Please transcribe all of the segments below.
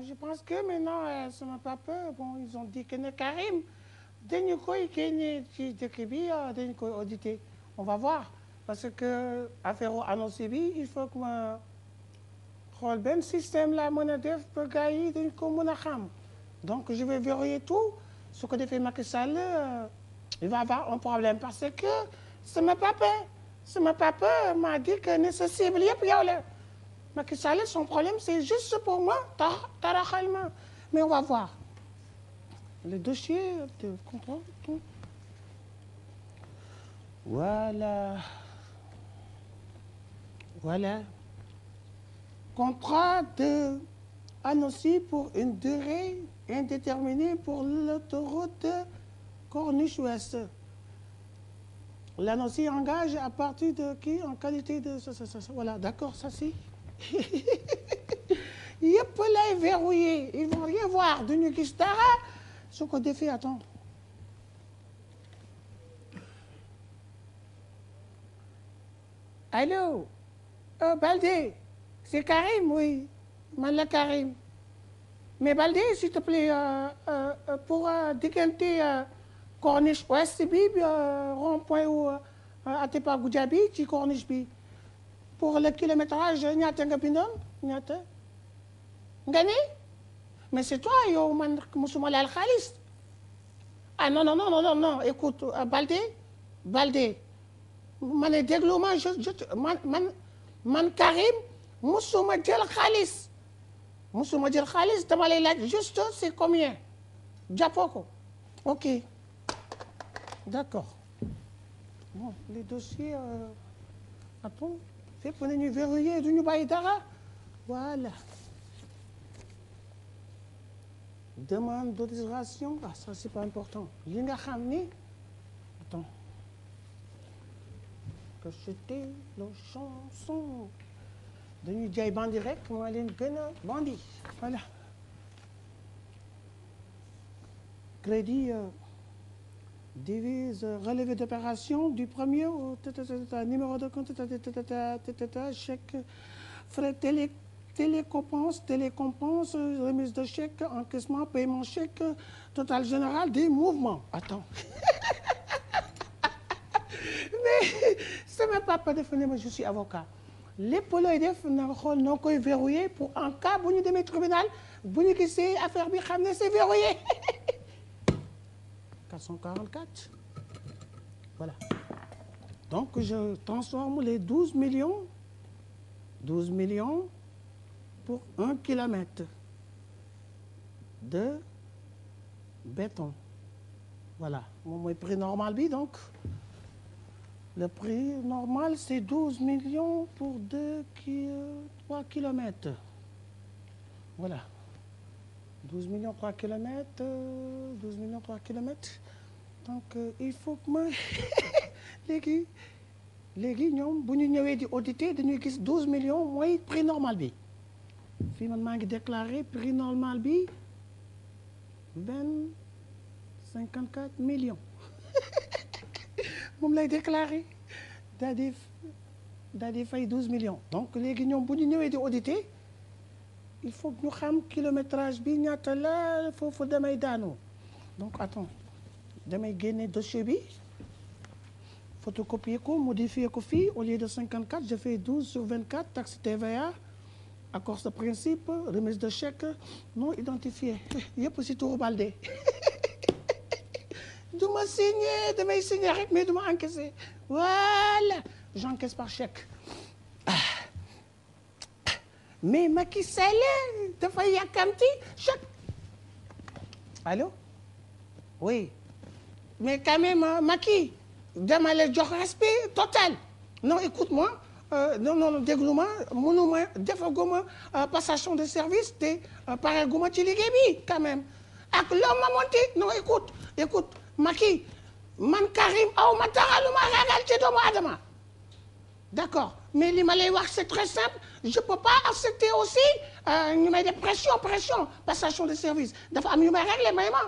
bon je pense que maintenant sama euh, papa bon ils ont dit que ne Karim dañu koy génne ci dëkk bi dañu koy auditer on va voir parce que affaire u annoncé bi il faut que ma xool benn système la mën a def ba gars yi dañ ko mën a xam donc je vais verrouiller tout su ko defee Macky Sall euh, il va avoir un problème parce que sama papa sama papa m'a dit que ne sa cible yëpp yow la Macky Sall son problème c'est juste pour moi taraxal ma mais on va voir le dossier de contrôle tout voilà voilà contrat de Annecy pour une durée indéterminée pour l'autoroute Corniche Ouest L'Annecy engage à partir de qui en qualité de ça ça ça voilà d'accord ça si yëpp lay verrouiller ils vont rien voir duñu gis dara su ko allo euh, c'est Karim oui man la Karim mais Baldé s'il te plaît euh, euh, euh, pour diggante corniche ouest bi rond-point u Atepa ci corniche bi pour le kilométrage ñaata nga bindoon ñaata nga ne mais c'est toi yow man musuma laal xaalis ah non non non non non écoute Balde euh, Balde ma ne déglu ma je je man man man Karim musuma jël xaalis musuma jël xaalis dama lay laaj juste c'est combien jàppoo ko ok d'accord bon les dossiers euh, attends fépp nañu vérifier du ñu bàyyi dara voilà demande d'autorisation ah c'est pas important li nga xam ni attends que c'était la chanson dañuy jaay bandi rek maa leen gën a bandi voilà crédit euh, divise relevé d'opération du premier au numéro de compte chèque frais télé télécompense télécompense remise de chèque encaissement paiement chèque total général des mouvements attends mais sama papa dafa ne ma je suis avocat lépp looy def na nga xool noo koy verrouiller pour en cas bu ñu demee tribunal bu ñu gisee affaire bi xam ne c'est verrouillé 444. Voilà. Donc, je transforme les 12 millions, 12 millions pour un kilomètre de béton. Voilà, moom mooy prix normal bi donc le prix normal c'est 12 millions pour 2 ki 3 kilomètres. Voilà. 12 millions 3 kilomètres 12 euh, millions 3 kilomètres donc euh, il faut que ma léegi léegi ñoom bu ñu ñëwee di auditer dañuy gis 12 millions mooy prix normal bi fii man maa ngi déclaré prix normal bi vingt cinquante quatre millions moom déclaré daal di daal di fay 12 millions donc léegi ñoom bu ñu ñëwee il faut ñu xam kilométrage bi ñaata la foofu damay daanoo donc attends damay génne dossier bi photocopier ko modifier fii au lieu de 54 je fais 12 sur 24 taxe TVA accord de principe remise de chèque non identifié yëpp si turu Baldé signé damay signé rek mais par chèque mais Macky Sall dafa yàkkamti chaque allo oui mais quand même Macky dama la jox respect total non écoute-moi euh, non non déglu ma mënuma defaguma euh, passation de service te euh, pareguma ci liggéey bi quand même ak loo ma monti non écoute écoute Macky man Karim aw ma dara lu ma ragal ci doomu Adama. d'accord mais li ma lay wax c'est très simple je peux pas accepter aussi ñu may def pression pression passation de service dafa am ñu may régler may ma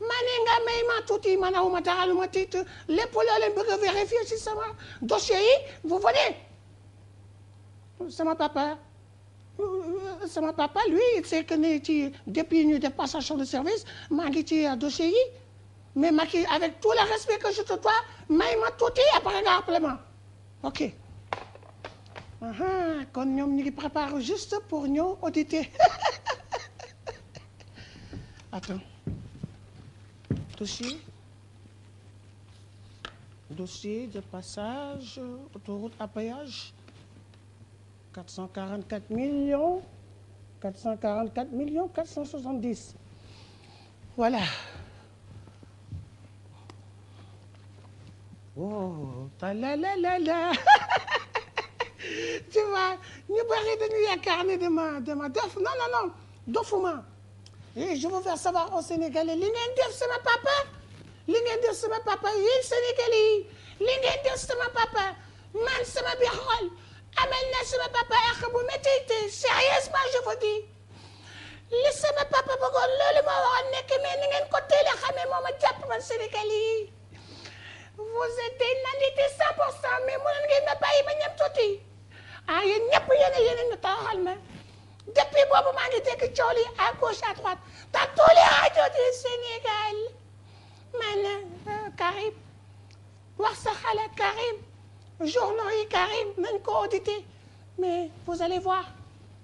ma ne nga may ma tuuti ma naw ma dara lu ma tiit lépp loo leen si sama dossier yi vous venez sama papa euh, sama papa lui c'est que ni ci depuis ñu def passation de service ma ngi ci euh, dossier yi mais Macky avec tout le respect que je te dois may ma tuuti après nga appelé ok kon ñoom ñu ngi juste pour ñëw auditer attends dossier dossier de passage autoroute à péage 444 million 444 millions 470 voilà oh la la la la tu vois ñu bari dañu yaakaar ne dama dama def non dofuma et eh, je veux faire savoir aux Sénégalais li ngeen def sama papa li ngeen def sama papa yéen Sénégalais yi li ngeen def sama papa man sama biir xol amal na sama papa ak bu métti te sérieusement je vous dis li sama papa bëggoon loolu moo waroon nekk mais ni ngeen ko teel a ma jàpp man Sénégalais vous êtes inalité 100% mais mënoon ngeen na bàyyi ba ñëpp tuuti ah yéen ñëpp yéen a yéen a ñu toroxal ma depuis boobu maa ngi li à gauche à droite dans tous les radios du Sénégal man euh, Karim wax sa xalaat Karim journaux yi Karim mais vous allez voir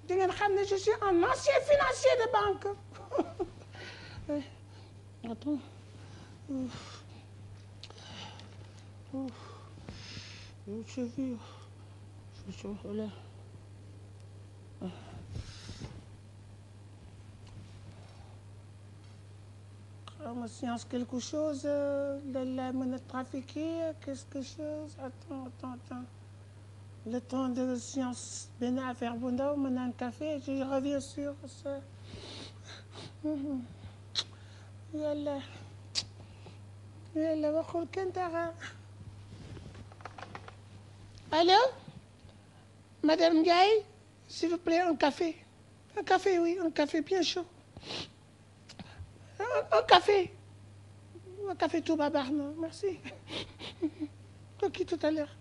di ngeen xam je suis un ancien financier de banque. Euh, Of. Ne çekiyor. Şu şöyle. séance quelque chose euh, de la minute trafiquée, quelque chose. Attends, attends, attends. Le temps de séance benn affaire bu ndaw ma naan café je reviens sur ça. yàlla yàlla waxul kenn dara Allô Madame Ndiaye, s'il vous plaît, un café. Un café, oui, un café bien chaud. Un, un café. Un café tout non, merci. Ok, tout à l'heure.